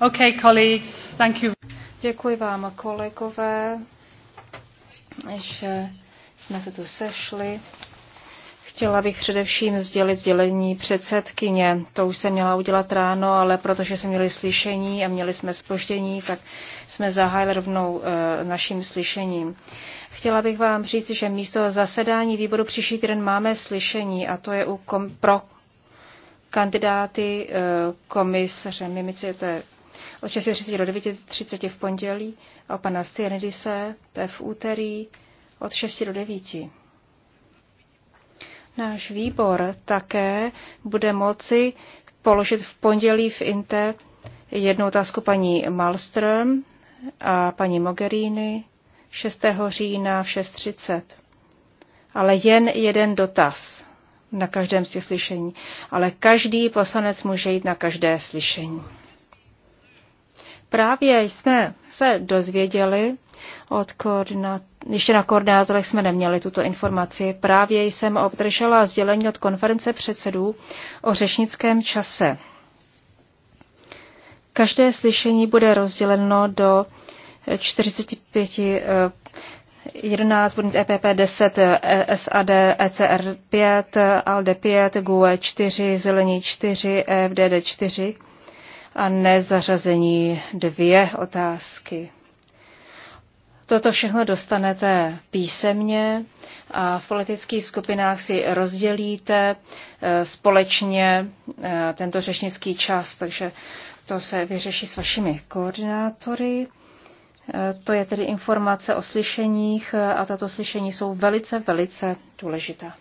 Okay, colleagues, thank you. Děkuji vám, kolegové, že jsme se tu sešli. Chtěla bych především sdělit sdělení předsedkyně. To už jsem měla udělat ráno, ale protože jsme měli slyšení a měli jsme spoždění, tak jsme zahájili rovnou e, naším slyšením. Chtěla bych vám říct, že místo zasedání výboru příští týden máme slyšení a to je u kom- pro kandidáty e, komisaře Mimici, to je od 6.30 do 9.30 v pondělí a o pana Styrenidise, to je v úterý, od 6 do 9. Náš výbor také bude moci položit v pondělí v INTE jednu otázku paní Malström a paní Mogherini 6. října v 6.30. Ale jen jeden dotaz na každém z těch slyšení. Ale každý poslanec může jít na každé slyšení. Právě jsme se dozvěděli od koordinat, ještě na koordinátorech jsme neměli tuto informaci. Právě jsem obdržela sdělení od konference předsedů o řešnickém čase. Každé slyšení bude rozděleno do 45 11 budník EPP 10, SAD, ECR 5, ALDE 5, GUE 4, Zelení 4, FDD 4 a nezařazení dvě otázky. Toto všechno dostanete písemně a v politických skupinách si rozdělíte eh, společně eh, tento řečnický čas, takže to se vyřeší s vašimi koordinátory. Eh, to je tedy informace o slyšeních a tato slyšení jsou velice, velice důležitá.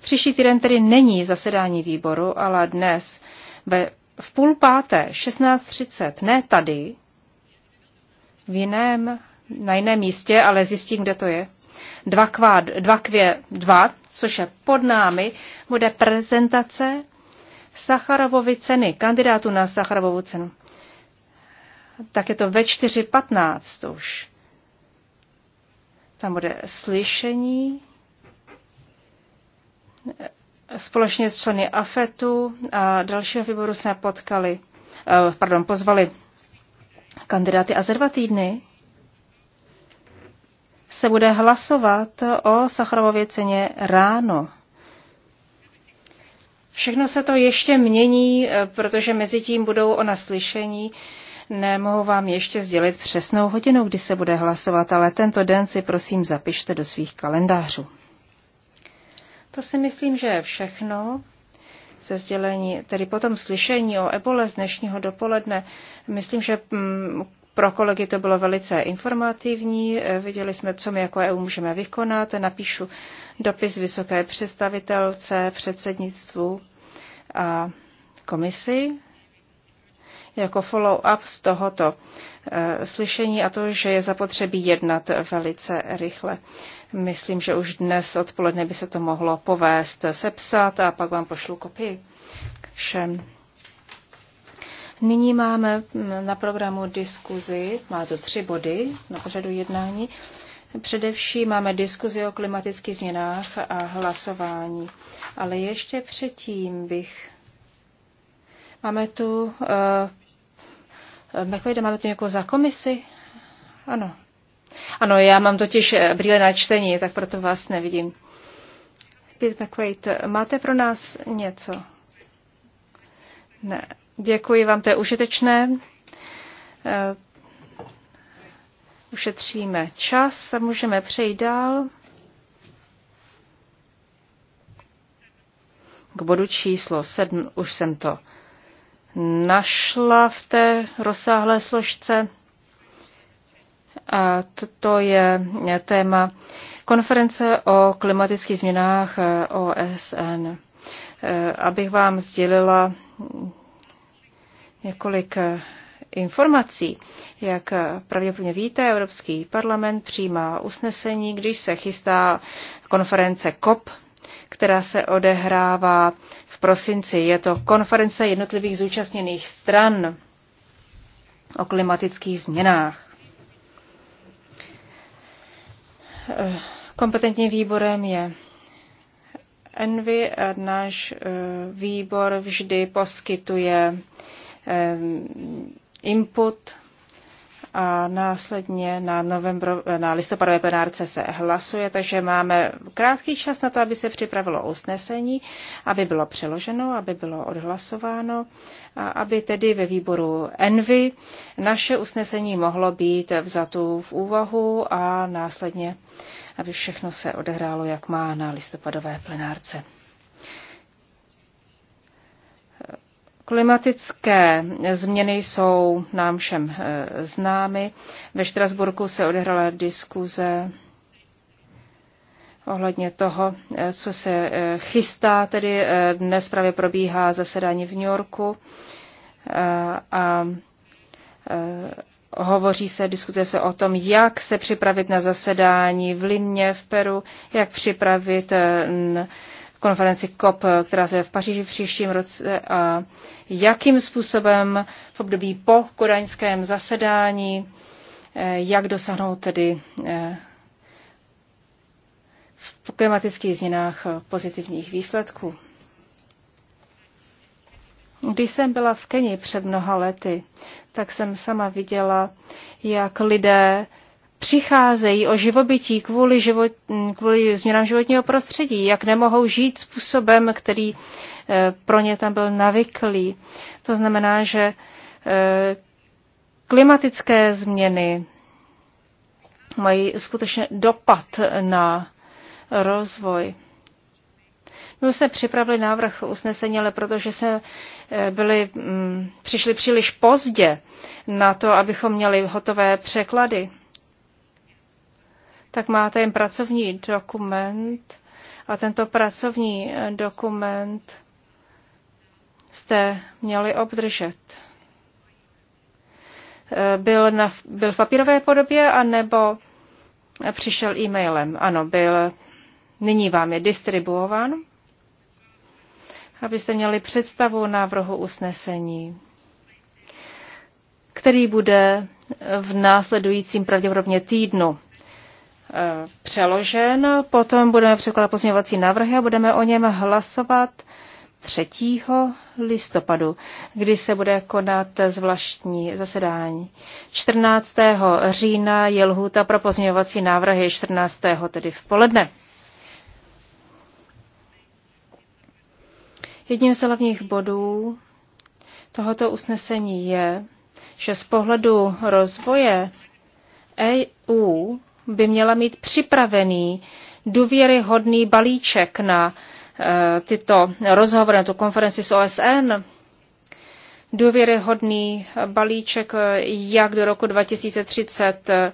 Příští týden tedy není zasedání výboru, ale dnes ve, v půl páté 16.30, ne tady, v jiném, na jiném místě, ale zjistím, kde to je. 2 kvá, dva kvě 2, což je pod námi, bude prezentace Sacharovovy ceny, kandidátu na Sacharovovu cenu. Tak je to ve 4.15 už. Tam bude slyšení Společně s členy AFETu a dalšího výboru jsme potkali, eh, pardon, pozvali kandidáty a za dva týdny se bude hlasovat o Sacharovově ceně ráno. Všechno se to ještě mění, eh, protože mezi tím budou o naslyšení. Nemohu vám ještě sdělit přesnou hodinu, kdy se bude hlasovat, ale tento den si prosím zapište do svých kalendářů. To si myslím, že je všechno ze sdělení, tedy potom slyšení o ebole z dnešního dopoledne. Myslím, že mm, pro kolegy to bylo velice informativní. Eh, viděli jsme, co my jako EU můžeme vykonat. Napíšu dopis vysoké představitelce, předsednictvu a komisi jako follow-up z tohoto eh, slyšení a to, že je zapotřebí jednat velice rychle. Myslím, že už dnes odpoledne by se to mohlo povést sepsat a pak vám pošlu kopii všem. Nyní máme na programu diskuzi, má to tři body na pořadu jednání. Především máme diskuzi o klimatických změnách a hlasování. Ale ještě předtím bych. Máme tu eh, McQuaida, máme tu někoho jako za komisi? Ano. Ano, já mám totiž eh, brýle na čtení, tak proto vás nevidím. Pete McQuaid, máte pro nás něco? Ne. Děkuji vám, to je užitečné. Eh, ušetříme čas a můžeme přejít dál. K bodu číslo sedm. už jsem to našla v té rozsáhlé složce. A to je téma konference o klimatických změnách OSN. Abych vám sdělila několik informací. Jak pravděpodobně víte, Evropský parlament přijímá usnesení, když se chystá konference COP, která se odehrává prosinci. Je to konference jednotlivých zúčastněných stran o klimatických změnách. Kompetentním výborem je Envy a náš eh, výbor vždy poskytuje eh, input a následně na, novembro, na listopadové plenárce se hlasuje, takže máme krátký čas na to, aby se připravilo usnesení, aby bylo přeloženo, aby bylo odhlasováno a aby tedy ve výboru Envy naše usnesení mohlo být vzato v úvahu a následně, aby všechno se odehrálo, jak má na listopadové plenárce. Klimatické změny jsou nám všem eh, známy. Ve Štrasburku se odehrála diskuze ohledně toho, eh, co se eh, chystá. Tedy dnes právě probíhá zasedání v New Yorku a hovoří se, diskutuje se o tom, jak se připravit na zasedání v Limě v Peru, jak připravit konferenci COP, která se v Paříži v příštím roce a jakým způsobem v období po kodaňském zasedání, eh, jak dosáhnout tedy eh, v klimatických změnách eh, pozitivních výsledků. Když jsem byla v Keni před mnoha lety, tak jsem sama viděla, jak lidé přicházejí o živobytí kvůli, život, kvůli změnám životního prostředí, jak nemohou žít způsobem, který eh, pro ně tam byl navyklý. To znamená, že eh, klimatické změny mají skutečně dopad na rozvoj. My už jsme připravili návrh usnesení, ale protože se eh, byli, mm, přišli příliš pozdě na to, abychom měli hotové překlady, tak máte jen pracovní dokument a tento pracovní eh, dokument jste měli obdržet. Eh, byl, na, byl v papírové podobě a nebo přišel e-mailem? Ano, byl. Nyní vám je distribuován, abyste měli představu návrhu usnesení, který bude v následujícím pravděpodobně týdnu Eh, přeložen. Potom budeme překládat pozměňovací návrhy a budeme o něm hlasovat 3. listopadu, kdy se bude konat zvláštní zasedání. 14. října je lhůta pro pozměňovací návrhy 14. tedy v poledne. Jedním z hlavních bodů tohoto usnesení je, že z pohledu rozvoje EU by měla mít připravený důvěryhodný balíček na eh, tyto rozhovory, na tu konferenci s OSN, důvěryhodný balíček, eh, jak do roku 2030 eh,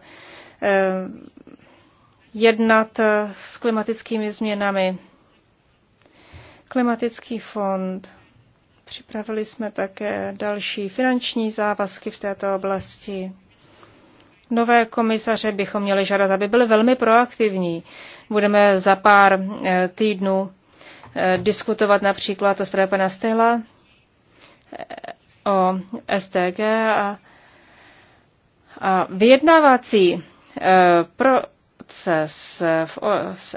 jednat s klimatickými změnami. Klimatický fond. Připravili jsme také další finanční závazky v této oblasti. Nové komisaře bychom měli žádat, aby byli velmi proaktivní. Budeme za pár eh, týdnů eh, diskutovat například o zprávě pana Stela, eh, o STG a, a vyjednávací pro s v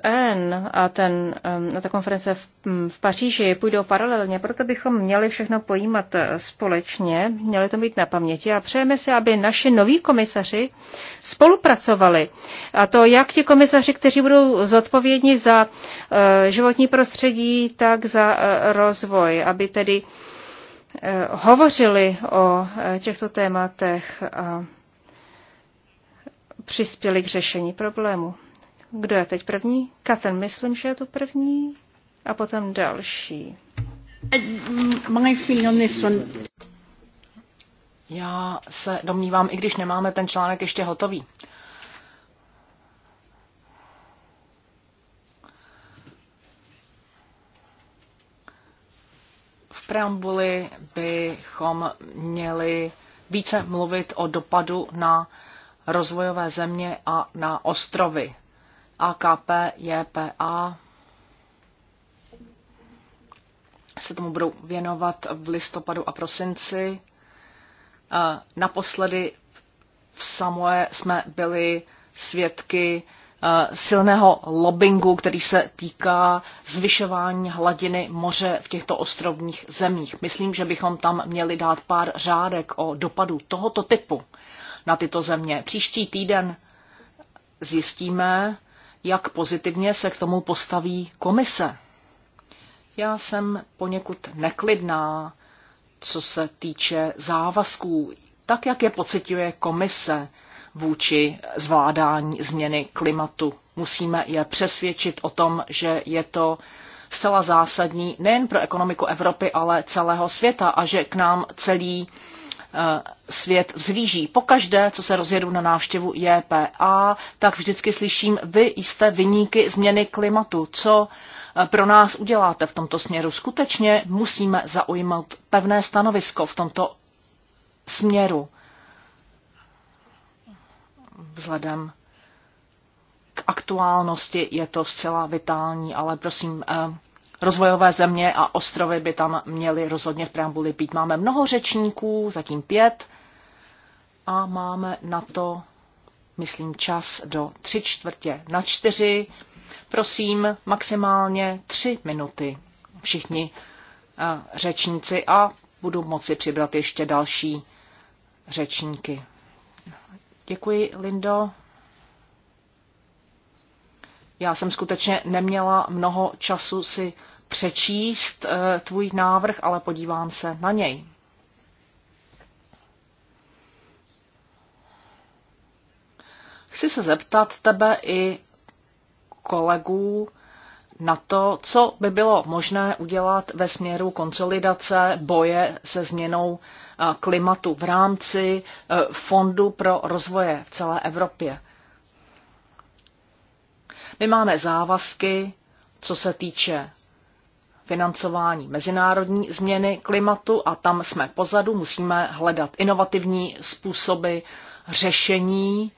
n a ten, na ta konference v, v Paříži půjdou paralelně, proto bychom měli všechno pojímat eh, společně, měli to mít na paměti a přejeme si, aby naši noví komisaři spolupracovali. A to jak ti komisaři, kteří budou zodpovědní za eh, životní prostředí, tak za eh, rozvoj, aby tedy hovořili o těchto tématech Uh, přispěli k řešení problému. Kdo je teď první? Katen, myslím, že je to první. A potom další. Já se domnívám, i když nemáme ten článek ještě hotový. V preambuli bychom měli více mluvit o dopadu na uh, rozvojové země a na ostrovy. AKP, JPA se tomu budou věnovat v listopadu a prosinci. E, naposledy v Samoe jsme byli svědky e, silného lobbingu, který se týká zvyšování hladiny moře v těchto ostrovních zemích. Myslím, že bychom tam měli dát pár řádek o dopadu tohoto typu na tyto země. Příští týden zjistíme, jak pozitivně se k tomu postaví komise. Já jsem poněkud neklidná, co se týče závazků, tak jak je pocituje komise vůči zvládání změny klimatu. Musíme je přesvědčit o tom, že je to zcela zásadní nejen pro ekonomiku Evropy, ale celého světa a že k nám celý Eh, svět vzlíží. Pokaždé, co se rozjedu na návštěvu JPA, tak vždycky slyším, vy jste vyníky změny klimatu. Co eh, pro nás uděláte v tomto směru? Skutečně musíme zaujmout pevné stanovisko v tomto směru. Vzhledem k aktuálnosti je to zcela vitální, ale prosím, eh, rozvojové země a ostrovy by tam měly rozhodně v preambuli být. Máme mnoho řečníků, zatím pět, a máme na to, myslím, čas do tři čtvrtě na čtyři. Prosím, maximálně tři minuty všichni eh, řečníci a budu moci přibrat ještě další řečníky. Děkuji, Lindo. Já jsem skutečně neměla mnoho času si přečíst eh, tvůj návrh, ale podívám se na něj. Chci se zeptat tebe i kolegů na to, co by bylo možné udělat ve směru konsolidace boje se změnou eh, klimatu v rámci eh, Fondu pro rozvoje v celé Evropě. My máme závazky, co se týče financování mezinárodní změny klimatu a tam jsme pozadu, musíme hledat inovativní způsoby řešení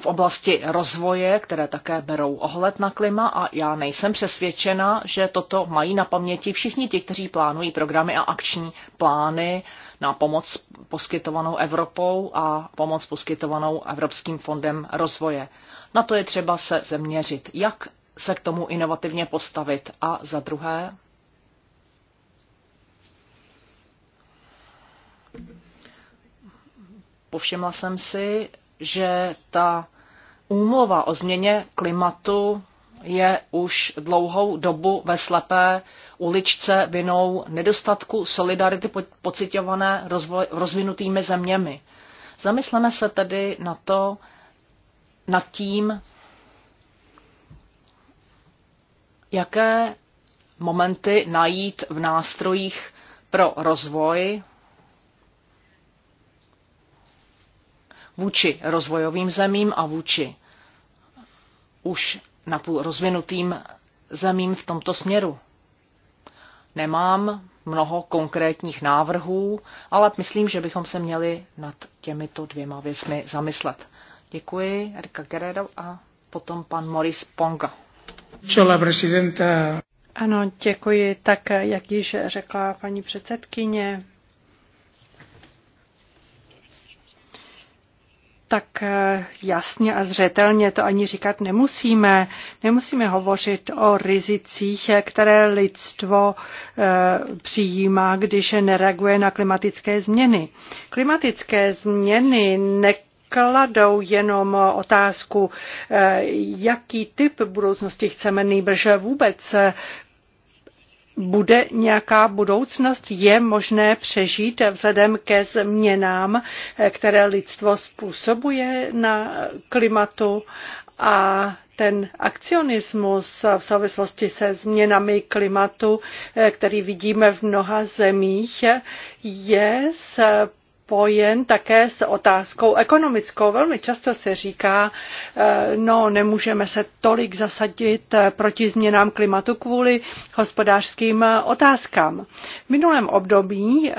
v oblasti rozvoje, které také berou ohled na klima a já nejsem přesvědčena, že toto mají na paměti všichni ti, kteří plánují programy a akční plány na pomoc poskytovanou Evropou a pomoc poskytovanou Evropským fondem rozvoje. Na to je třeba se zeměřit, jak se k tomu inovativně postavit. A za druhé, povšimla jsem si, že ta úmluva o změně klimatu je už dlouhou dobu ve slepé uličce vinou nedostatku solidarity pocitované rozvinutými zeměmi. Zamysleme se tedy na to, nad tím, jaké momenty najít v nástrojích pro rozvoj vůči rozvojovým zemím a vůči už napůl rozvinutým zemím v tomto směru. Nemám mnoho konkrétních návrhů, ale myslím, že bychom se měli nad těmito dvěma věcmi zamyslet. Děkuji, Erika Gerardo a potom pan Maurice Ponga. Čela prezidenta. Ano, děkuji. Tak, jak již řekla paní předsedkyně, tak eh, jasně a zřetelně to ani říkat nemusíme. Nemusíme hovořit o rizicích, které lidstvo eh, přijímá, když nereaguje na klimatické změny. Klimatické změny ne- kladou jenom otázku, eh, jaký typ budoucnosti chceme, nejbrž vůbec eh, bude nějaká budoucnost, je možné přežít vzhledem ke změnám, eh, které lidstvo způsobuje na klimatu a ten akcionismus v souvislosti se změnami klimatu, který vidíme v mnoha zemích, je spojen také s otázkou ekonomickou. Velmi často se říká, eh, no nemůžeme se tolik zasadit eh, proti změnám klimatu kvůli hospodářským eh, otázkám. V minulém období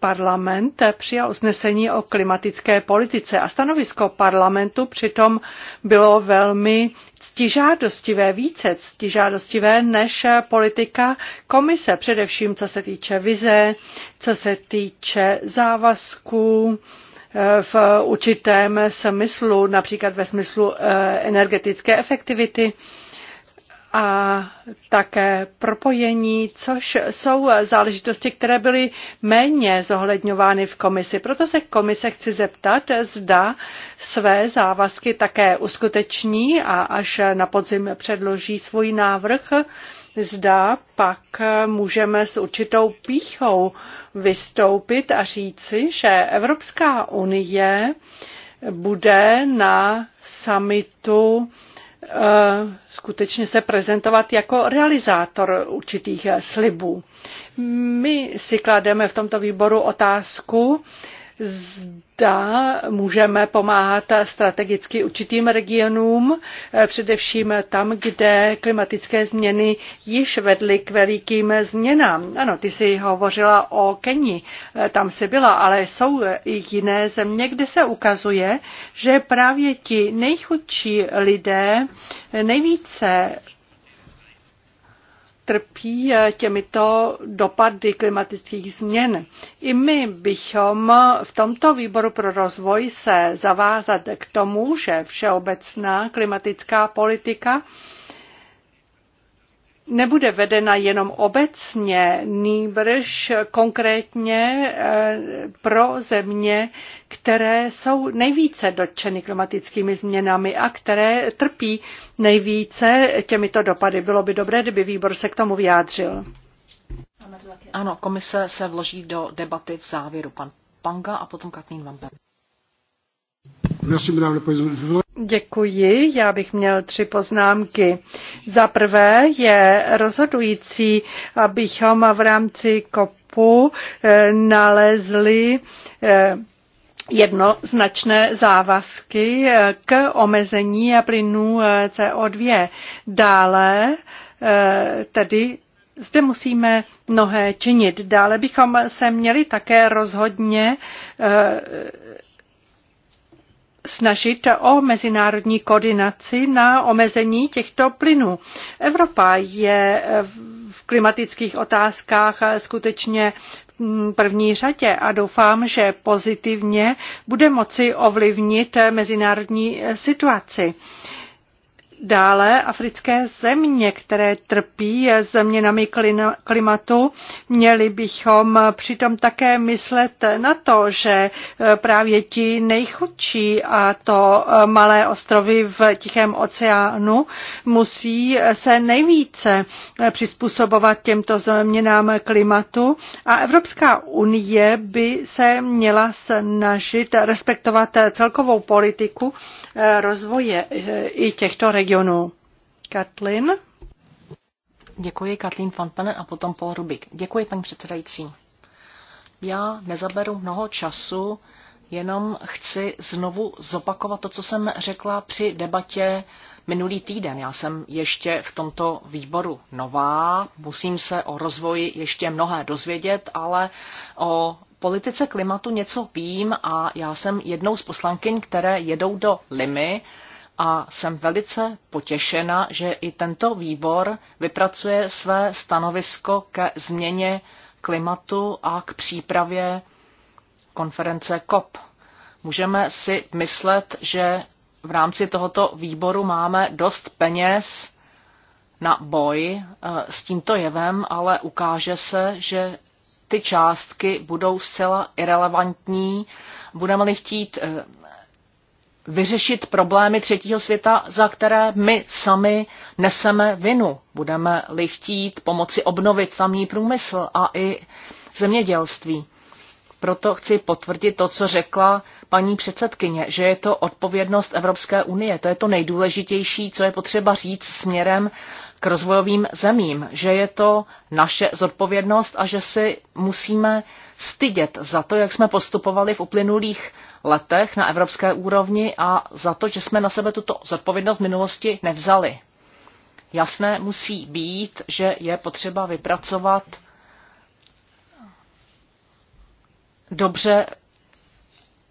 parlament přijal usnesení o klimatické politice a stanovisko parlamentu přitom bylo velmi ctižádostivé, více ctižádostivé než politika komise, především co se týče vize, co se týče závazků eh, v určitém smyslu, například ve smyslu eh, energetické efektivity a také propojení, což jsou záležitosti, které byly méně zohledňovány v komisi. Proto se komise chci zeptat, zda své závazky také uskuteční a až na podzim předloží svůj návrh, Zda pak můžeme s určitou píchou vystoupit a říci, že Evropská unie bude na samitu eh, skutečně se prezentovat jako realizátor určitých slibů. My si klademe v tomto výboru otázku, Zda můžeme pomáhat strategicky určitým regionům, eh, především tam, kde klimatické změny již vedly k velikým změnám. Ano, ty jsi hovořila o Keni, eh, tam jsi byla, ale jsou i jiné země, kde se ukazuje, že právě ti nejchudší lidé eh, nejvíce trpí eh, těmito dopady klimatických změn. I my bychom v tomto výboru pro rozvoj se zavázat k tomu, že všeobecná klimatická politika nebude vedena jenom obecně, nýbrž konkrétně eh, pro země, které jsou nejvíce dotčeny klimatickými změnami a které trpí nejvíce těmito dopady. Bylo by dobré, kdyby výbor se k tomu vyjádřil. Ano, komise se vloží do debaty v závěru. Pan Panga a potom Katlín Vampen. Děkuji. Já bych měl tři poznámky. Za prvé je rozhodující, abychom v rámci kopu eh, nalezli eh, jednoznačné závazky eh, k omezení plynů CO2. Dále tedy zde musíme mnohé činit. Dále bychom se měli také rozhodně snažit o mezinárodní koordinaci na omezení těchto plynů. Evropa je v klimatických otázkách skutečně první řadě a doufám, že pozitivně bude moci ovlivnit mezinárodní situaci. Dále africké země, které trpí změnami klimatu, měli bychom přitom také myslet na to, že eh, právě ti nejchudší a to eh, malé ostrovy v Tichém oceánu musí eh, se nejvíce přizpůsobovat těmto změnám klimatu a Evropská unie by se měla snažit respektovat celkovou politiku rozvoje eh, i těchto regionů. Katlin? Děkuji, Katlin van Panen a potom Paul Rubik. Děkuji, paní předsedající. Já nezaberu mnoho času, jenom chci znovu zopakovat to, co jsem řekla při debatě minulý týden. Já jsem ještě v tomto výboru nová, musím se o rozvoji ještě mnohé dozvědět, ale o politice klimatu něco vím a já jsem jednou z poslankyň, které jedou do Limy a jsem velice potěšena, že i tento výbor vypracuje své stanovisko ke změně klimatu a k přípravě konference COP. Můžeme si myslet, že v rámci tohoto výboru máme dost peněz na boj eh, s tímto jevem, ale ukáže se, že ty částky budou zcela irrelevantní. Budeme-li chtít eh, vyřešit problémy třetího světa, za které my sami neseme vinu. Budeme-li chtít pomoci obnovit tamní průmysl a i zemědělství. Proto chci potvrdit to, co řekla paní předsedkyně, že je to odpovědnost Evropské unie. To je to nejdůležitější, co je potřeba říct směrem k rozvojovým zemím, že je to naše zodpovědnost a že si musíme stydět za to, jak jsme postupovali v uplynulých letech na evropské úrovni a za to, že jsme na sebe tuto zodpovědnost v minulosti nevzali. Jasné musí být, že je potřeba vypracovat dobře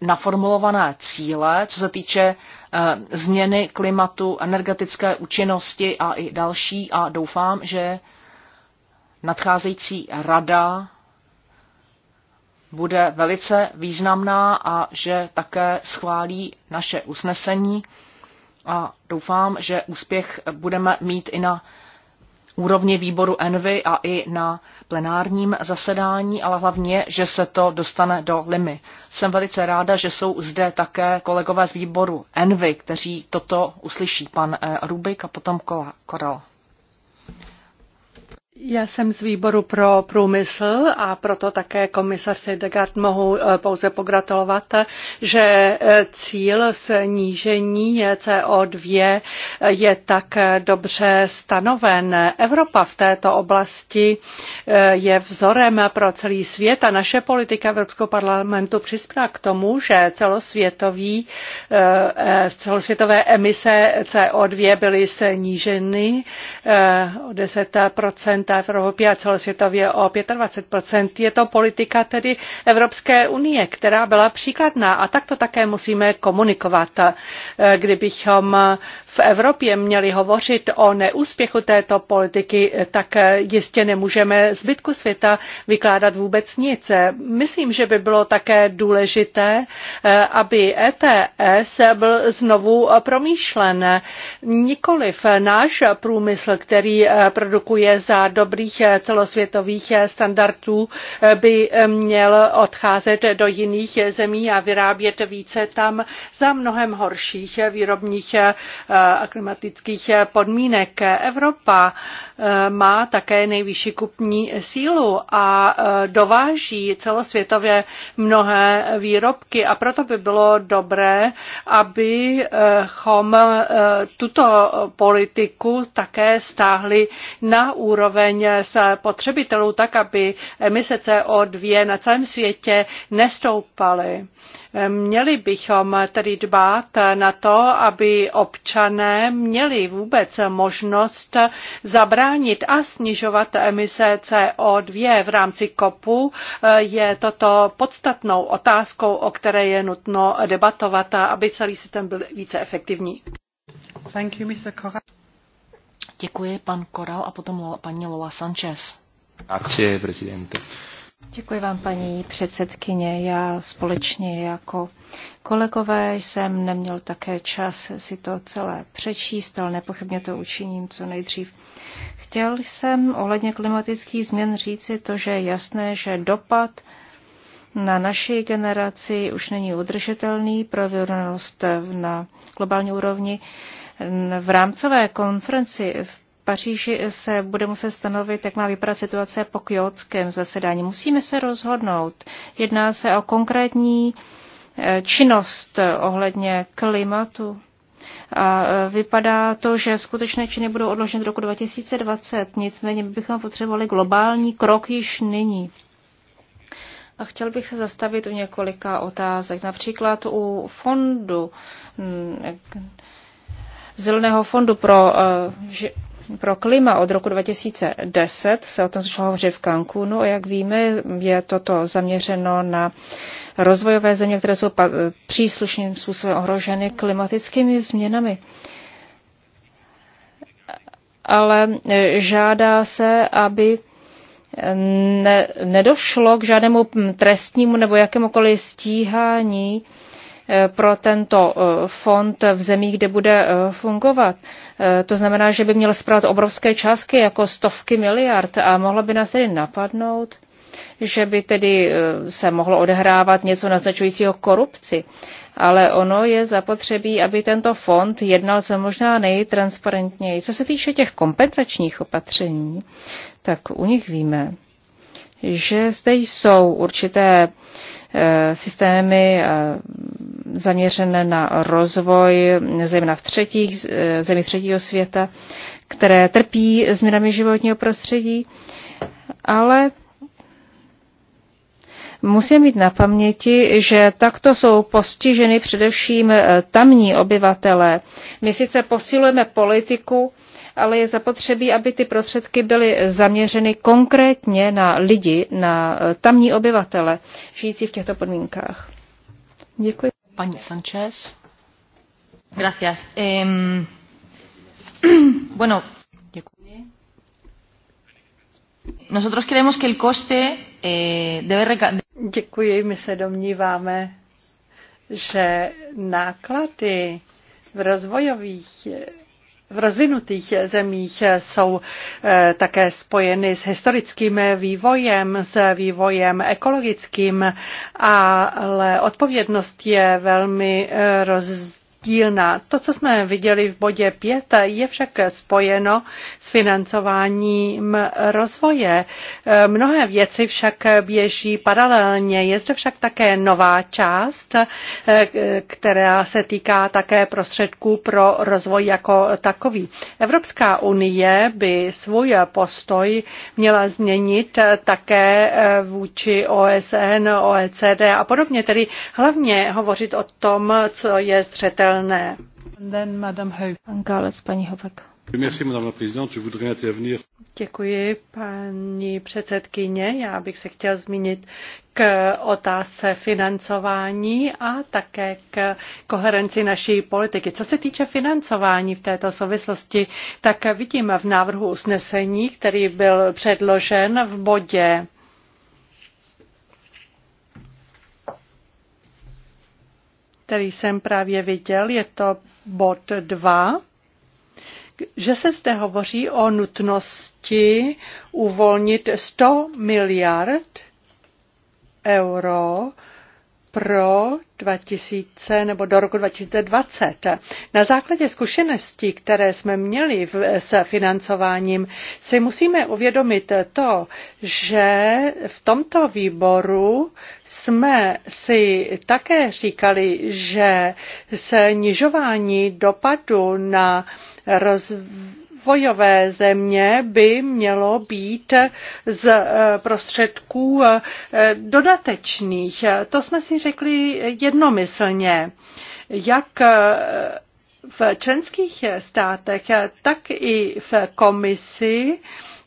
naformulované cíle, co se týče eh, změny klimatu, energetické účinnosti a i další a doufám, že nadcházející rada bude velice významná a že také schválí naše usnesení a doufám, že úspěch budeme mít i na úrovni výboru Envy a i na plenárním zasedání, ale hlavně, že se to dostane do limy. Jsem velice ráda, že jsou zde také kolegové z výboru Envy, kteří toto uslyší, pan eh, Rubik a potom Koral. Já jsem z výboru pro průmysl a proto také komisař Sedegard mohu eh, pouze pogratulovat, že eh, cíl snížení CO2 eh, je tak dobře stanoven. Evropa v této oblasti je vzorem pro celý svět a naše politika Evropského parlamentu přispěla k tomu, že celosvětový, celosvětové emise CO2 byly sníženy o 10 v Evropě a celosvětově o 25 Je to politika tedy Evropské unie, která byla příkladná a tak to také musíme komunikovat. Eh, kdybychom v Evropě měli hovořit o neúspěchu této politiky, eh, tak eh, jistě nemůžeme zbytku světa vykládat vůbec nic. Myslím, že by bylo také důležité, aby ETS byl znovu promýšlen. Nikoliv náš průmysl, který produkuje za dobrých eh, celosvětových eh, standardů eh, by měl odcházet do jiných zemí a vyrábět více tam za mnohem horších výrobních a klimatických podmínek. Evropa má také nejvyšší kupní sílu a dováží celosvětově mnohé výrobky a proto by bylo dobré, abychom tuto politiku také stáhli na úroveň úroveň spotřebitelů tak, aby emise CO2 na celém světě nestoupaly. Měli bychom tedy dbát na to, aby občané měli vůbec možnost zabránit a snižovat emise CO2 v rámci COPu. Je toto podstatnou otázkou, o které je nutno debatovat, aby celý systém byl více efektivní. Thank you, Mr. Děkuji, pan Koral a potom Lola, paní Lola Sanchez. Grazie, prezidente. Děkuji vám, paní předsedkyně. Já společně jako kolegové jsem neměl také čas si to celé přečíst, ale nepochybně to učiním co nejdřív. Chtěl jsem ohledně klimatických změn říci to, že je jasné, že dopad na naší generaci už není udržitelný pro vyrovnanost na globální úrovni. V rámcové konferenci v Paříži se bude muset stanovit, jak má vypadat situace po kjótském zasedání. Musíme se rozhodnout. Jedná se o konkrétní eh, činnost ohledně klimatu. A eh, vypadá to, že skutečné činy budou odloženy do roku 2020, nicméně bychom potřebovali globální krok již nyní. A chtěl bych se zastavit u několika otázek, například u fondu mm, Zeleného fondu pro, eh, pro klima od roku 2010 se o tom začalo hovořit v Cancúnu jak víme, je toto zaměřeno na rozvojové země, které jsou eh, příslušným způsobem ohroženy klimatickými změnami ale eh, žádá se, aby ne, nedošlo k žádnému trestnímu nebo jakémukoliv stíhání pro tento eh, fond v zemích, kde bude eh, fungovat. Eh, to znamená, že by měl zprávat obrovské částky, jako stovky miliard a mohlo by nás tedy napadnout, že by tedy se mohlo odehrávat něco naznačujícího korupci. Ale ono je zapotřebí, aby tento fond jednal co možná nejtransparentněji. Co se týče těch kompenzačních opatření, tak u nich víme, že zde jsou určité Eh, systémy eh, zaměřené na rozvoj zejména v třetích, eh, zemi třetího světa, které trpí změnami životního prostředí, ale Musíme mít na paměti, že takto jsou postiženy především tamní obyvatele. My sice posilujeme politiku, ale je zapotřebí, aby ty prostředky byly zaměřeny konkrétně na lidi, na eh, tamní obyvatele, žijící v těchto podmínkách. Děkuji. Paní Sanchez. Gracias. Um, bueno, děkuji. Nosotros creemos que el coste eh, debe Děkuji, my se domníváme, že náklady v rozvojových v rozvinutých zemích jsou eh, také spojeny s historickým vývojem, s vývojem ekologickým, ale odpovědnost je velmi eh, roz, dílna. To, co jsme viděli v bodě 5, je však spojeno s financováním rozvoje. Mnohé věci však běží paralelně. Je zde však také nová část, která se týká také prostředků pro rozvoj jako takový. Evropská unie by svůj postoj měla změnit také vůči OSN, OECD a podobně, tedy hlavně hovořit o tom, co je střetel přijatelné. Děkuji, paní předsedkyně. Já bych se chtěl zmínit k otázce financování a také k koherenci naší politiky. Co se týče financování v této souvislosti, tak vidíme v návrhu usnesení, který byl předložen v bodě který jsem právě viděl, je to bod 2, že se zde hovoří o nutnosti uvolnit 100 miliard euro pro 2000 nebo do roku 2020. Na základě zkušeností, které jsme měli v, s financováním, si musíme uvědomit to, že v tomto výboru jsme si také říkali, že snižování dopadu na rozvoj rozvojové země by mělo být z eh, prostředků eh, dodatečných. To jsme si řekli jednomyslně. Jak eh, v členských státech, tak i v komisi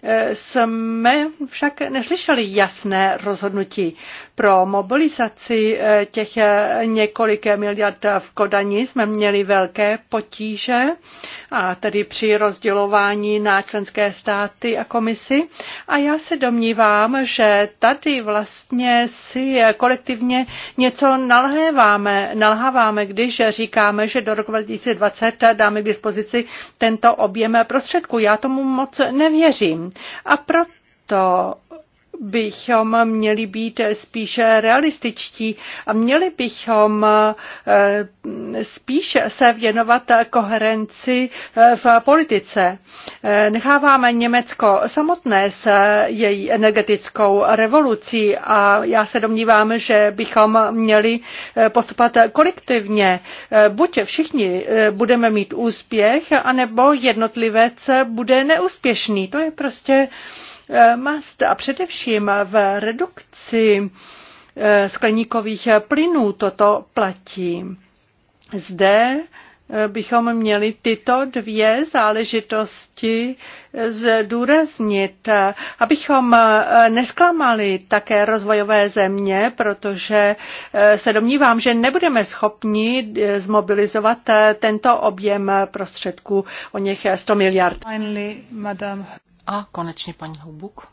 Eh, jsme však neslyšeli jasné rozhodnutí. Pro mobilizaci eh, těch eh, několik miliard v Kodani jsme měli velké potíže, a tedy při rozdělování na členské státy a komisi. A já se domnívám, že tady vlastně si kolektivně něco nalháváme, nalháváme když říkáme, že do roku 2020 dáme k dispozici tento objem prostředků. Já tomu moc nevěřím. A proto bychom měli být spíše realističtí a měli bychom eh, spíše se věnovat koherenci eh, v politice. Eh, necháváme Německo samotné s její energetickou revolucí a já se domnívám, že bychom měli postupovat kolektivně. Buď všichni budeme mít úspěch, anebo jednotlivec bude neúspěšný. To je prostě uh, mast a především v redukci eh, skleníkových plynů toto platí. Zde eh, bychom měli tyto dvě záležitosti eh, zdůraznit, abychom nesklamali také rozvojové země, protože se domnívám, že nebudeme schopni zmobilizovat tento objem prostředků o něch 100 miliard. Finally, madame. A konečně paní Hubuk.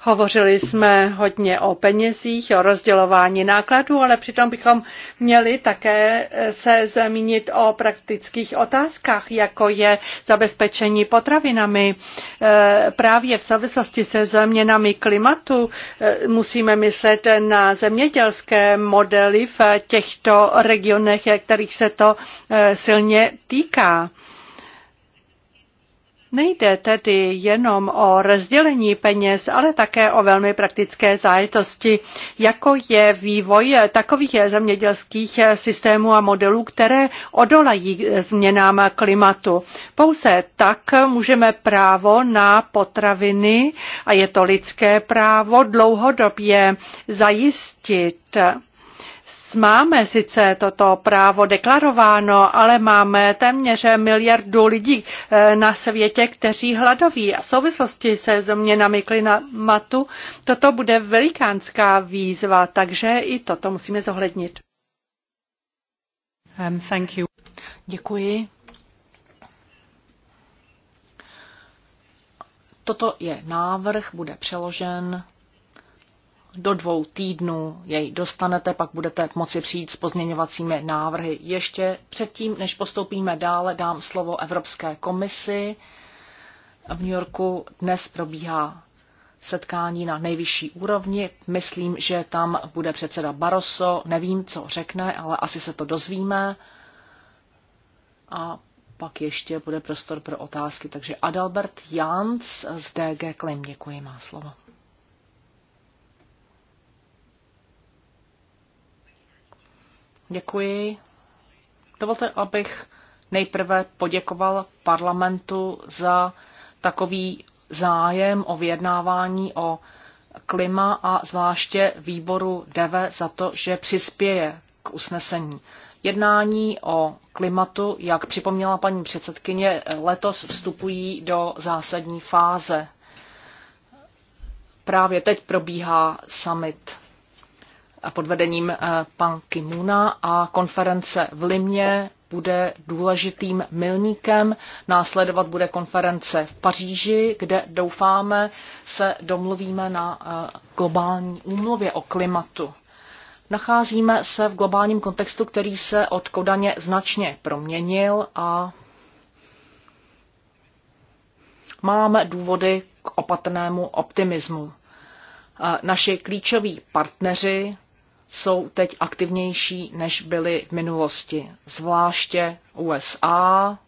Hovořili jsme hodně o penězích, o rozdělování nákladů, ale přitom bychom měli také eh, se zmínit o praktických otázkách, jako je zabezpečení potravinami. Eh, právě v souvislosti se změnami klimatu eh, musíme myslet na zemědělské modely v těchto regionech, kterých se to silně týká Nejde tedy jenom o rozdělení peněz, ale také o velmi praktické zájetosti, jako je vývoj takových zemědělských systémů a modelů, které odolají změnám klimatu. Pouze tak můžeme právo na potraviny, a je to lidské právo, dlouhodobě zajistit Máme sice toto právo deklarováno, ale máme téměř miliardu lidí eh, na světě, kteří hladoví. A v souvislosti se změnami klimatu toto bude velikánská výzva, takže i toto musíme zohlednit. Um, thank you. Děkuji. Toto je návrh, bude přeložen do dvou týdnů jej dostanete, pak budete moci přijít s pozměňovacími návrhy. Ještě předtím, než postoupíme dále, dám slovo Evropské komisi. V New Yorku dnes probíhá setkání na nejvyšší úrovni. Myslím, že tam bude předseda Barroso. Nevím, co řekne, ale asi se to dozvíme. A pak ještě bude prostor pro otázky. Takže Adalbert Jans z DG Klim. Děkuji, má slovo. Děkuji. Dovolte, abych nejprve poděkoval parlamentu za takový zájem o vyjednávání o klima a zvláště výboru DEVE za to, že přispěje k usnesení. Jednání o klimatu, jak připomněla paní předsedkyně, letos vstupují do zásadní fáze. Právě teď probíhá summit pod vedením eh, pan Kimuna a konference v Limě bude důležitým milníkem. Následovat bude konference v Paříži, kde doufáme se domluvíme na eh, globální úmluvě o klimatu. Nacházíme se v globálním kontextu, který se od Kodaně značně proměnil a máme důvody k opatrnému optimismu. Eh, naši klíčoví partneři jsou teď aktivnější, než byly v minulosti, zvláště USA,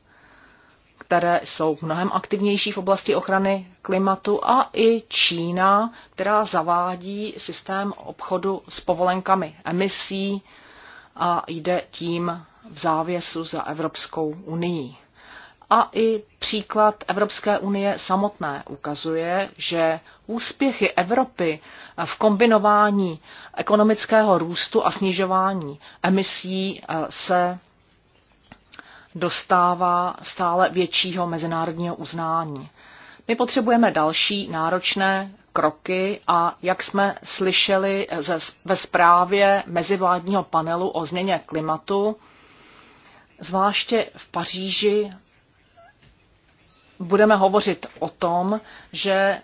které jsou mnohem aktivnější v oblasti ochrany klimatu, a i Čína, která zavádí systém obchodu s povolenkami emisí a jde tím v závěsu za Evropskou unii. A i příklad Evropské unie samotné ukazuje, že úspěchy Evropy v kombinování ekonomického růstu a snižování emisí eh, se dostává stále většího mezinárodního uznání. My potřebujeme další náročné kroky a jak jsme slyšeli ze, ve zprávě mezivládního panelu o změně klimatu, zvláště v Paříži budeme hovořit o tom, že e,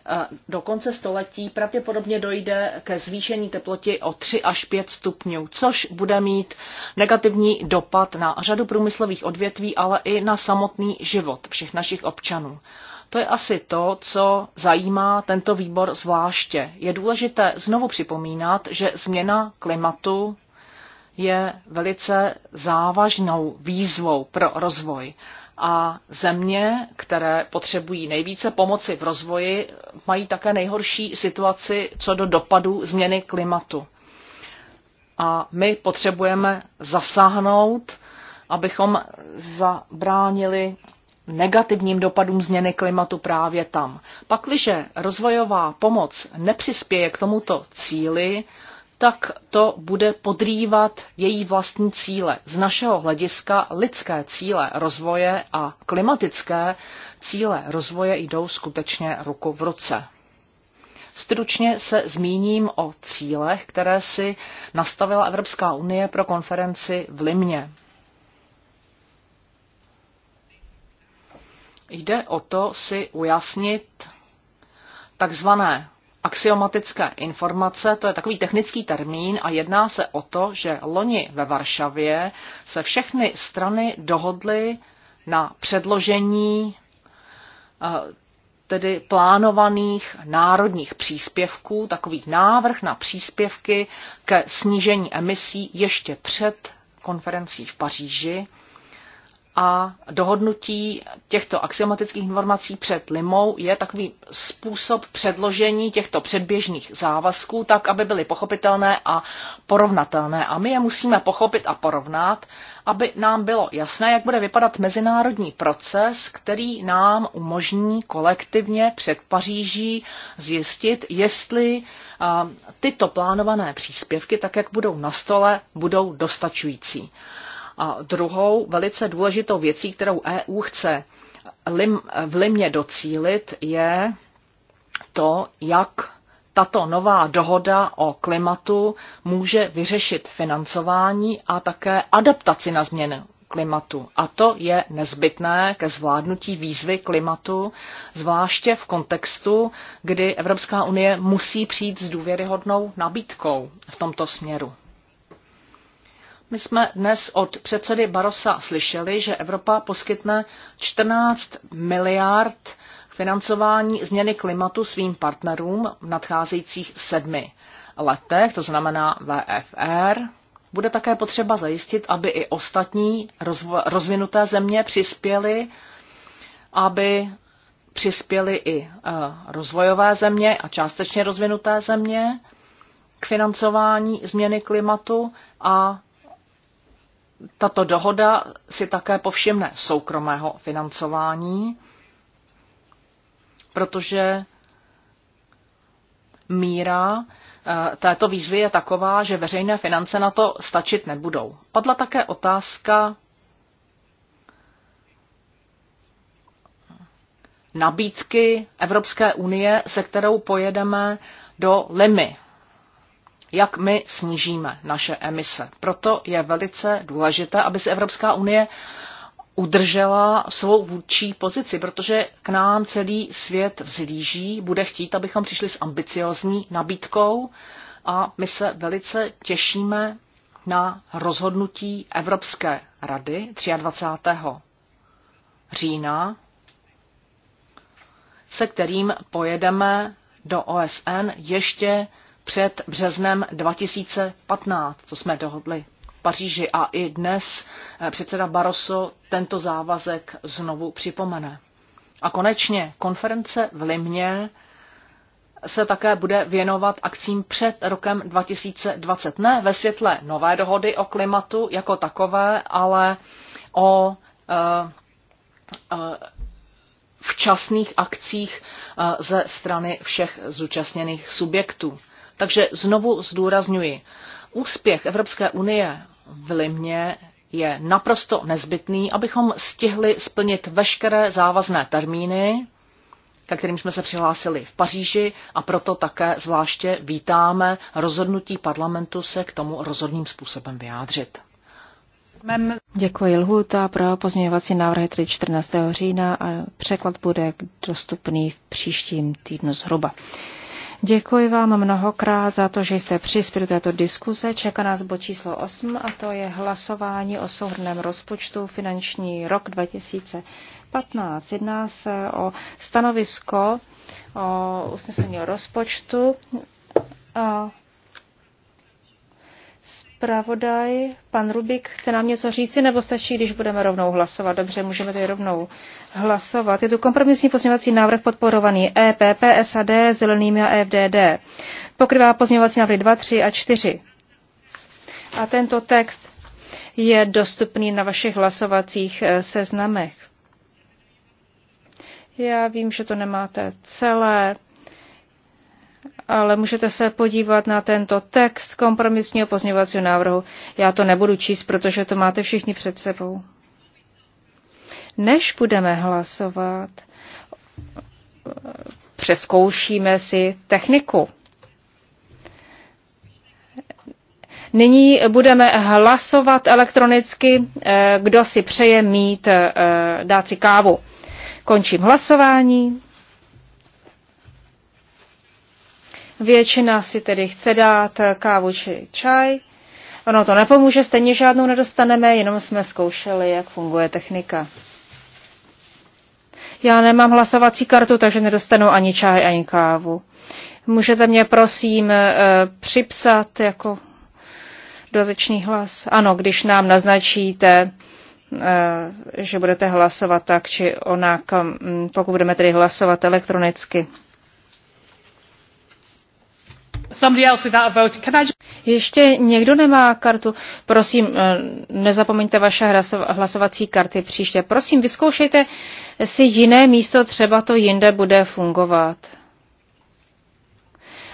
do konce století pravděpodobně dojde ke zvýšení teploty o 3 až 5 stupňů, což bude mít negativní dopad na řadu průmyslových odvětví, ale i na samotný život všech našich občanů. To je asi to, co zajímá tento výbor zvláště. Je důležité znovu připomínat, že změna klimatu je velice závažnou výzvou pro rozvoj a země, které potřebují nejvíce pomoci v rozvoji, mají také nejhorší situaci co do dopadu změny klimatu. A my potřebujeme zasáhnout, abychom zabránili negativním dopadům změny klimatu právě tam. Pakliže rozvojová pomoc nepřispěje k tomuto cíli, tak to bude podrývat její vlastní cíle. Z našeho hlediska lidské cíle rozvoje a klimatické cíle rozvoje jdou skutečně ruku v ruce. Stručně se zmíním o cílech, které si nastavila Evropská unie pro konferenci v Limně. Jde o to si ujasnit takzvané axiomatické informace, to je takový technický termín a jedná se o to, že loni ve Varšavě se všechny strany dohodly na předložení eh, tedy plánovaných národních příspěvků, takový návrh na příspěvky ke snížení emisí ještě před konferencí v Paříži a dohodnutí těchto axiomatických informací před limou je takový způsob předložení těchto předběžných závazků tak, aby byly pochopitelné a porovnatelné. A my je musíme pochopit a porovnat, aby nám bylo jasné, jak bude vypadat mezinárodní proces, který nám umožní kolektivně před Paříží zjistit, jestli tyto plánované příspěvky, tak jak budou na stole, budou dostačující. A druhou velice důležitou věcí, kterou EU chce lim, v Limě docílit, je to, jak tato nová dohoda o klimatu může vyřešit financování a také adaptaci na změnu klimatu. A to je nezbytné ke zvládnutí výzvy klimatu, zvláště v kontextu, kdy Evropská unie musí přijít s důvěryhodnou nabídkou v tomto směru. My jsme dnes od předsedy Barosa slyšeli, že Evropa poskytne 14 miliard financování změny klimatu svým partnerům v nadcházejících sedmi letech, to znamená VFR. Bude také potřeba zajistit, aby i ostatní rozvinuté země přispěly, aby přispěly i eh, rozvojové země a částečně rozvinuté země k financování změny klimatu a tato dohoda si také povšimne soukromého financování, protože míra eh, této výzvy je taková, že veřejné finance na to stačit nebudou. Padla také otázka nabídky Evropské unie, se kterou pojedeme do Limy jak my snížíme naše emise. Proto je velice důležité, aby se Evropská unie udržela svou vůdčí pozici, protože k nám celý svět vzlíží, bude chtít, abychom přišli s ambiciozní nabídkou a my se velice těšíme na rozhodnutí Evropské rady 23. října, se kterým pojedeme do OSN ještě před březnem 2015, co jsme dohodli v Paříži. A i dnes eh, předseda Barroso tento závazek znovu připomene. A konečně konference v Limně se také bude věnovat akcím před rokem 2020. Ne ve světle nové dohody o klimatu jako takové, ale o e, e, včasných akcích ze strany všech zúčastněných subjektů. Takže znovu zdůrazňuji, úspěch Evropské unie v Limě je naprosto nezbytný, abychom stihli splnit veškeré závazné termíny, ke kterým jsme se přihlásili v Paříži a proto také zvláště vítáme rozhodnutí parlamentu se k tomu rozhodným způsobem vyjádřit. Děkuji. Lhuta, pro pozměňovací návrhy tedy 14. října a překlad bude dostupný v příštím týdnu zhruba. Děkuji vám mnohokrát za to, že jste přispěli do této diskuze. Čeká nás bod číslo 8 a to je hlasování o souhrném rozpočtu finanční rok 2015. Jedná se o stanovisko o usnesení o rozpočtu. A Spravodaj, pan Rubik, chce nám něco říci, nebo stačí, když budeme rovnou hlasovat? Dobře, můžeme tady rovnou hlasovat. Je tu kompromisní pozměňovací návrh podporovaný EPP, SAD, zelenými a FDD. Pokrývá pozměňovací návrhy 2, 3 a 4. A tento text je dostupný na vašich hlasovacích eh, seznamech. Já vím, že to nemáte celé ale můžete se podívat na tento text kompromisního pozměňovacího návrhu. Já to nebudu číst, protože to máte všichni před sebou. Než budeme hlasovat, přeskoušíme si techniku. Nyní budeme hlasovat elektronicky, eh, kdo si přeje mít, eh, dát si kávu. Končím hlasování. Většina si tedy chce dát kávu či čaj. Ono to nepomůže, stejně žádnou nedostaneme, jenom jsme zkoušeli, jak funguje technika. Já nemám hlasovací kartu, takže nedostanu ani čaj, ani kávu. Můžete mě prosím eh, připsat jako dodatečný hlas? Ano, když nám naznačíte, eh, že budete hlasovat tak či onak, mm, pokud budeme tedy hlasovat elektronicky. Ještě někdo nemá kartu? Prosím, eh, nezapomeňte vaše hlasovací karty příště. Prosím, vyzkoušejte si jiné místo, třeba to jinde bude fungovat.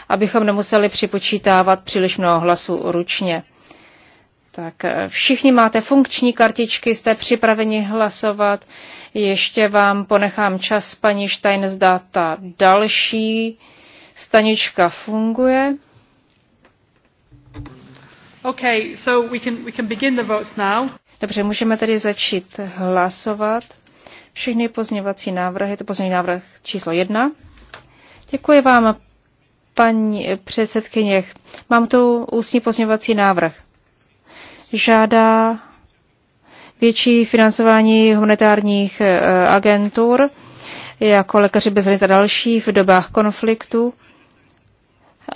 Abychom nemuseli připočítávat příliš mnoho hlasů ručně. Tak eh, všichni máte funkční kartičky, jste připraveni hlasovat. Ještě vám ponechám čas, paní Štajn, zdá ta další Stanička funguje. Okay, so we can, we can begin the votes now. Dobře, můžeme tedy začít hlasovat. Všechny pozměňovací návrhy, to pozměňovací návrh číslo jedna. Děkuji vám, paní předsedkyně. Mám tu ústní pozměňovací návrh. Žádá větší financování humanitárních eh, agentur jako lékaři bez hranic a další v dobách konfliktu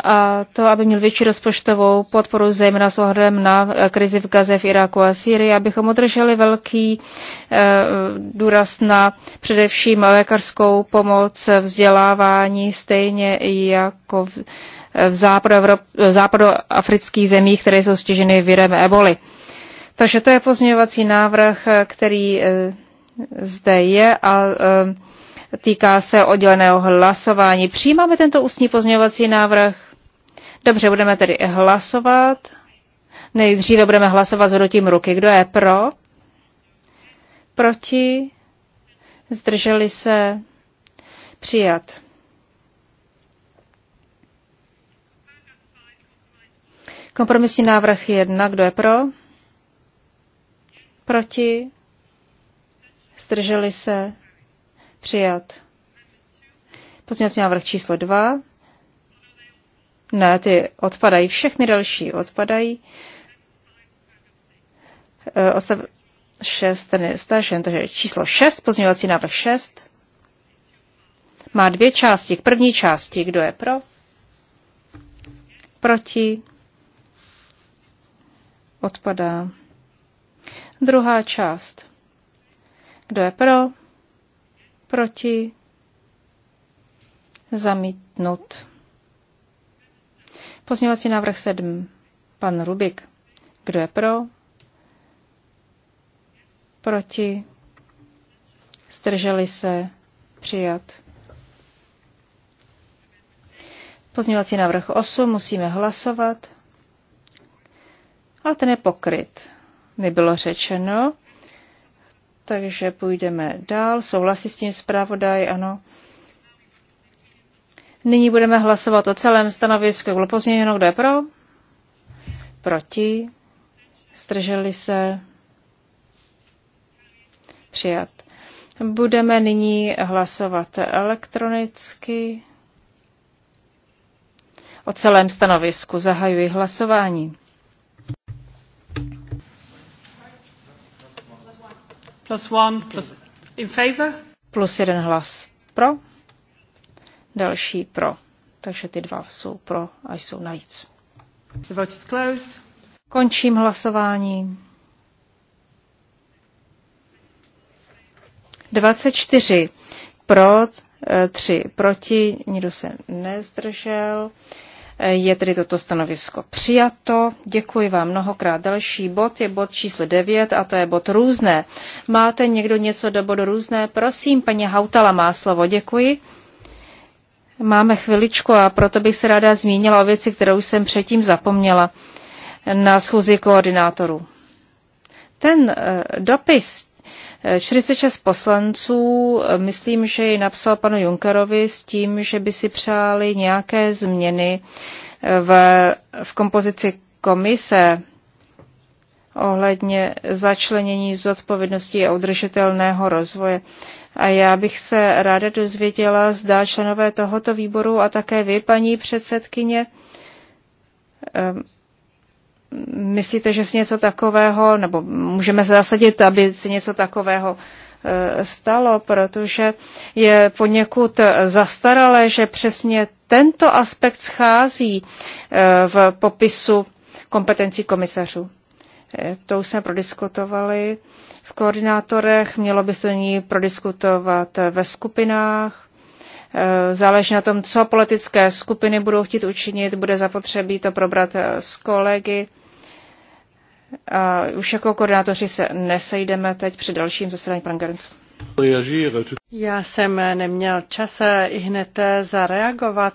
a to, aby měl větší rozpočtovou podporu, zejména s ohledem na eh, krizi v Gaze, v Iráku a Sýrii, abychom udrželi velký eh, důraz na především lékařskou pomoc, vzdělávání, stejně jako v, eh, v, v západoafrických zemích, které jsou stěženy virem eboli. Takže to je pozměňovací návrh, který zde je a týká se odděleného hlasování. Přijímáme tento ústní pozměňovací návrh? Dobře, budeme tedy hlasovat. Nejdříve budeme hlasovat hodnotím ruky. Kdo je pro? Proti? Zdrželi se? Přijat. Kompromisní návrh 1. Kdo je pro? Proti? Zdrželi se? Přijat. Pozměňovací návrh číslo 2. Ne, ty odpadají, všechny další odpadají. E, Odstav 6, ten je stažen, takže číslo 6, pozměňovací návrh 6. Má dvě části. K první části, kdo je pro? Proti? Odpadá. Druhá část. Kdo je pro? Proti? Zamítnut. Pozměňovací návrh 7. Pan Rubik. Kdo je pro? Proti? Zdrželi se? Přijat. Pozměňovací návrh 8 musíme hlasovat. Ale ten je pokryt. Bylo řečeno. Takže půjdeme dál. Souhlasí s tím zpravodaj? Ano. Nyní budeme hlasovat o celém stanovisku. Bylo pozměněno, kdo je pro? Proti? Zdrželi se? Přijat. Budeme nyní hlasovat elektronicky. O celém stanovisku zahajuji hlasování. Plus one, plus in favor. Plus jeden hlas pro další pro. Takže ty dva jsou pro a jsou navíc. Končím hlasování. 24 pro, 3 eh, proti, nikdo se nezdržel. Eh, je tedy toto stanovisko přijato. Děkuji vám mnohokrát. Další bod je bod číslo 9 a to je bod různé. Máte někdo něco do bodu různé? Prosím, paní Hautala má slovo. Děkuji. Máme chviličku a proto bych se ráda zmínila o věci, kterou jsem předtím zapomněla na schůzi koordinátorů. Ten eh, dopis 46 eh, poslanců, eh, myslím, že ji napsal panu Junkerovi s tím, že by si přáli nějaké změny v, v kompozici komise ohledně začlenění zodpovědnosti a udržitelného rozvoje. A já bych se ráda dozvěděla, zda členové tohoto výboru a také vy, paní předsedkyně, ehm, myslíte, že si něco takového, nebo můžeme se zasadit, aby si něco takového eh, stalo, protože je poněkud zastaralé, že přesně tento aspekt schází eh, v popisu kompetencí komisařů. Eh, to už jsme prodiskutovali v koordinátorech, mělo by se ní prodiskutovat ve skupinách. Eh, záleží na tom, co politické skupiny budou chtít učinit, bude zapotřebí to probrat eh, s kolegy. A už jako koordinátoři se nesejdeme teď při dalším zasedání pan Gerns. Já jsem neměl čas eh, i hned zareagovat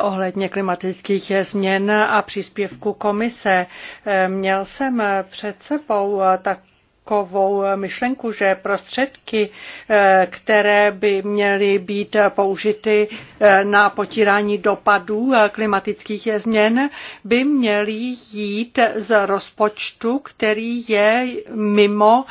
ohledně klimatických změn a příspěvku komise. Měl jsem před sebou tak takovou eh, myšlenku, že prostředky, eh, které by měly být použity eh, na potírání dopadů klimatických změn, by měly jít z rozpočtu, který je mimo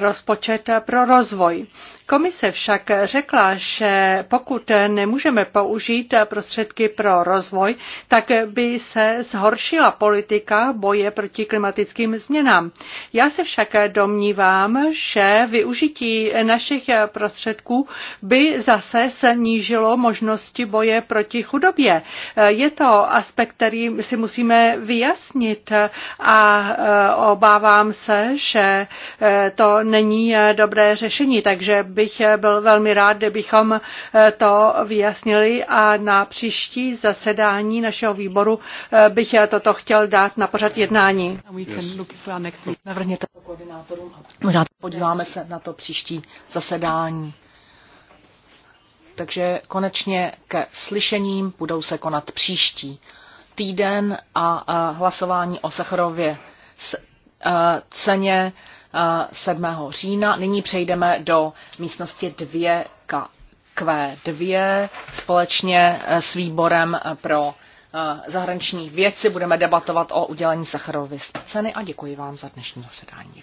rozpočet pro rozvoj. Komise však řekla, že pokud nemůžeme použít prostředky pro rozvoj, tak by se zhoršila politika boje proti klimatickým změnám. Já se však domnívám, že využití našich prostředků by zase snížilo možnosti boje proti chudobě. Je to aspekt, který si musíme vyjasnit a e, obávám se, že e, to není dobré řešení, takže bych eh, byl velmi rád, kdybychom eh, to vyjasnili a na příští zasedání našeho výboru eh, bych toto chtěl dát na pořad jednání. Yes. Navrhněte Možná podíváme se na to příští zasedání. Takže konečně ke slyšením budou se konat příští týden a hlasování o Sacharově ceně 7. října. Nyní přejdeme do místnosti 2K. Q2 společně eh, s výborem eh, pro eh, zahraniční věci budeme debatovat o udělení Sacharovy ceny a děkuji vám za dnešní zasedání.